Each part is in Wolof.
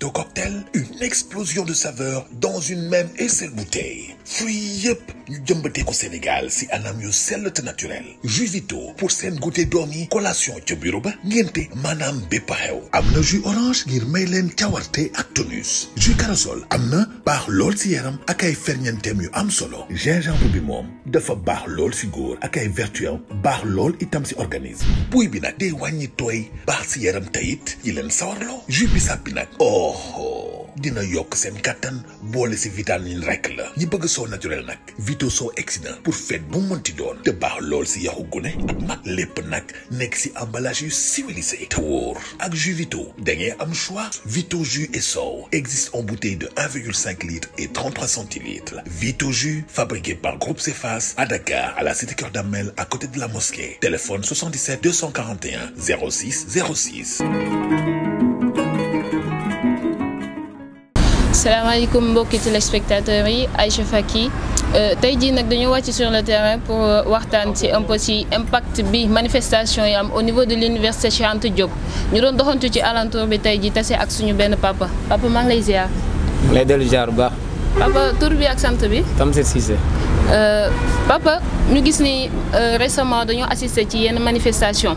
누가 une explosion de saveur dans une même et seule bouteille Free yëpp nous sommes au Sénégal c'est anam yu sel naturel Jusito pour cette goûter dormi collation ca bureau ba ngénte bepaheo. bépp jus orange ngir may actonus. cawarte ak tonus jus corossol amna, na lol si yaram ak ay ferñeenteem yu am solo gingembre bi moom dafa baax lol si gour ak ay vertu itam si organisme Pui bina de day wàññi toy baax si yaram tayit yi leen sawarloo jus oh, oh dina yok sen katan bolé ci vitamine rek la ñi bëgg naturel nak Vito soo exsident pour fête bu monti doon te baax lool si yaxu gune ak mag nekk si emballage civilisé Tour. ak jus Vito da am choix Vito jus et existe en bouteille de 1,5 litre et 33 centilitres Vito jus fabriqué par Groupe Cefas à Dakar à la cité cœur Damel à côté de la mosquée téléphone 77 241 06 06 beaucoup de téléspectateurs yi Aïcha Faki euh, tey jii nag sur le terrain pour voir euh, ci un petit impact bi manifestation yi au niveau de l'université Cheikh Anta Diop ñu doon doxantu ci alentour bi tey jii tase ak suñu papa papa maa ngi lay ziar. lay dellu ziar bu baax. papa tur bi ak sant bi. Tamsir Cissé. Euh, papa nous gis ni récemment dañoo assister ci manifestation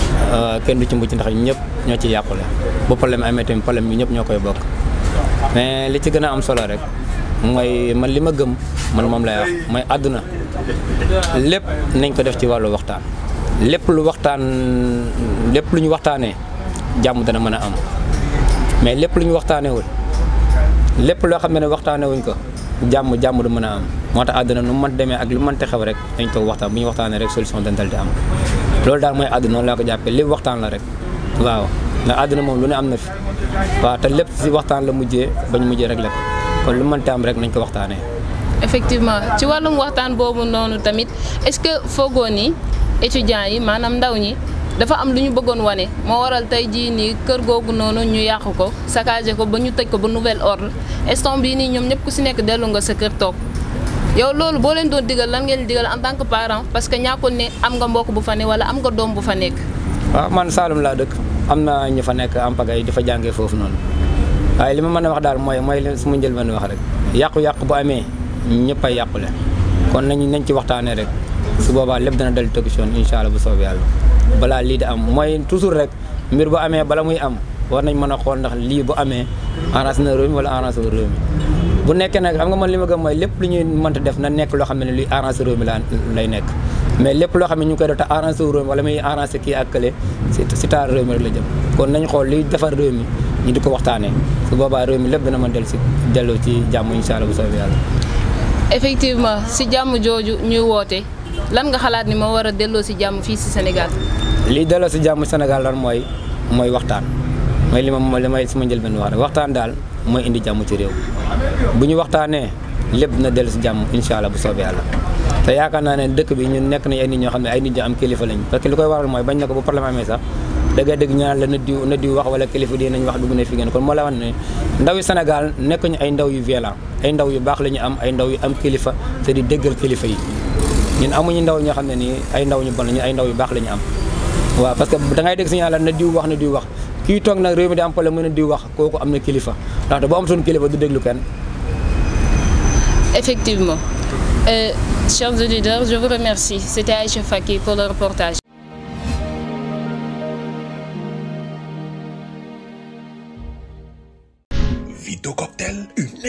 Euh, kenn du ci mucc ndax ñëpp ñoo ci yàqule bu problème amee tamit problème bi ñëpp ñoo koy bokk mais li ci gën a am solo rek mooy man li ma gëm man moom lay wax mooy àdduna lépp nañ ko def ci wàllu waxtaan lépp lu waxtaan lépp lu ñu waxtaanee jàmm dana mën a am lépp lu ñu waxtaanewul lépp loo xam ne waxtaanewuñ ko jàmm jàmm du mën a am moo tax àdduna nu mën demee ak lu mënte xew rek dañ ko waxtaan bu ñu waxtaanee rek solution dana dal di am loolu daal mooy àdduna noonu laa ko jàppee lépp waxtaan la rek waaw ndax àdduna moom lu ne am na fi waaw te lépp si waxtaan la mujjee bañ mujjee rek lépp kon lu mënti am rek nañ ko waxtaanee. effectivement ci wallum waxtaan boobu noonu tamit est-ce que foogoo ni étudiants yi maanaam ndaw ñi dafa am lu ñu bëggoon wane moo waral tey jii nii kër googu noonu ñu yàq ko saccagé ko ba ñu tëj ko ba nouvel ordre instant bii nii ñoom ñëpp ku si nekk dellu nga sa kër toog. yow loolu boo leen doon digal lan ngeen digal en tant que parent parce que ñàkkul ne am nga mbokk bu fa ne wala am nga doom bu fa nekk. waaw ah, man Saalum laa dëkk am na ñu fa nekk en pagaille di fa jàngee foofu noonu waaye li ma mën a wax daal mooy mooy li su ma njël mën a wax rek yàqu-yàqu bu amee ñëpp ay yàqule kon nañ nañ ci waxtaanee rek su boobaa lépp dana dal tëgg si incha allah bu soobee yàlla balaa lii di am mooy toujours rek mbir bu amee bala muy am war nañ mën a xool ndax lii bu amee arrangé na wala arrangé réew mi bu nekkee nag xam nga man li ma gëm mooy lépp lu ñuy mënta def na nekk loo xam ne luy arranger réew mi la lay nekk mais lépp loo xam ne ñu ngi koy def te arranger réew mi wala ak kële si taar réew la jëm kon nañ xool liy defar réew mi ñu di ko waxtaanee su boobaa réew mi lépp dana mën del si delloo ci jàmm incha allah bu soobee yàlla effectivement si jàmm jooju ñuy woote lan nga xalaat ni moo war a delloo si jàmm fii si Sénégal lii delloo si jàmm Sénégal lan mooy mooy waxtaan mooy li ma li may suma njëlbeen wax waxtaan daal mooy indi jàmm ci réew bu ñu waxtaanee lépp na dellu si jàmm incha allah bu soobee yàlla te yaakaar naa ne dëkk bi ñun nekk nañ ay nit ñoo xam ne ay nit ñu am kilifa lañ parce que li koy ko bu problème amee sax da ngay dégg ñaan la na diw na diw wax wala kilifa di nañ wax nekk ñu ay ndaw yu violent ay ndaw yu baax la ñu am ay ndaw yu am kilifa te di déggal kilifa yi ñun amuñu ndaw ñoo xam ne nii ay ndaw ñu bon la ñu ay ndaw yu baax la ñu am waaw parce que da ngay si ñaan la na diw wax na diw wax kii toog nag réew mi di am problème mu ne di wax kooku am na kilifa ndaxte boo amatoon kilifa du Effectivement. Euh, chers auditeurs, je vous remercie. C'était Aïcha Faki pour le reportage. Vidocopter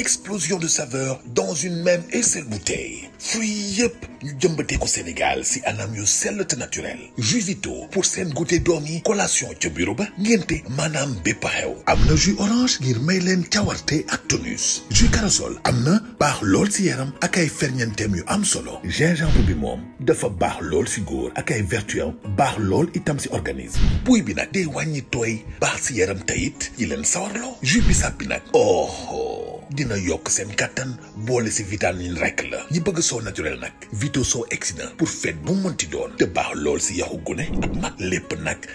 explosion de saveur dans une même et seule bouteille Fuyep, yi yëpp ko Sénégal si anam yu sell naturel jus pour seen goûter dormi collation ca bureau ba manam maanaam bépp jus orange ngir may leen cawarte tonus jus Carasol amna, bar lol si yaram ak am solo gingembre bi moom dafa baax lool si góor ak ay vertu lol itam si organisme Puibina, bi nag day bar toy baax si yaram tayit yi jus bissap oh, oh dina yokk seen vitamine rek la ñi bëgg so naturel vito pour fête bu monti doon te si gune ak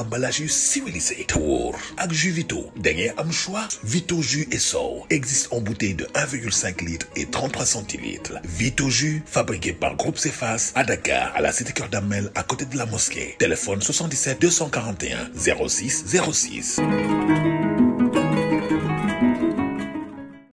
emballage civilisé Tour wóor ak jus vito da am choix vito jus et so existe en bouteille de 1,5 litre et 33 centilitres vito jus fabriqué par Groupe Cefas à Dakar à la cité Keur à côté de la mosquée téléphone 77 241 06 06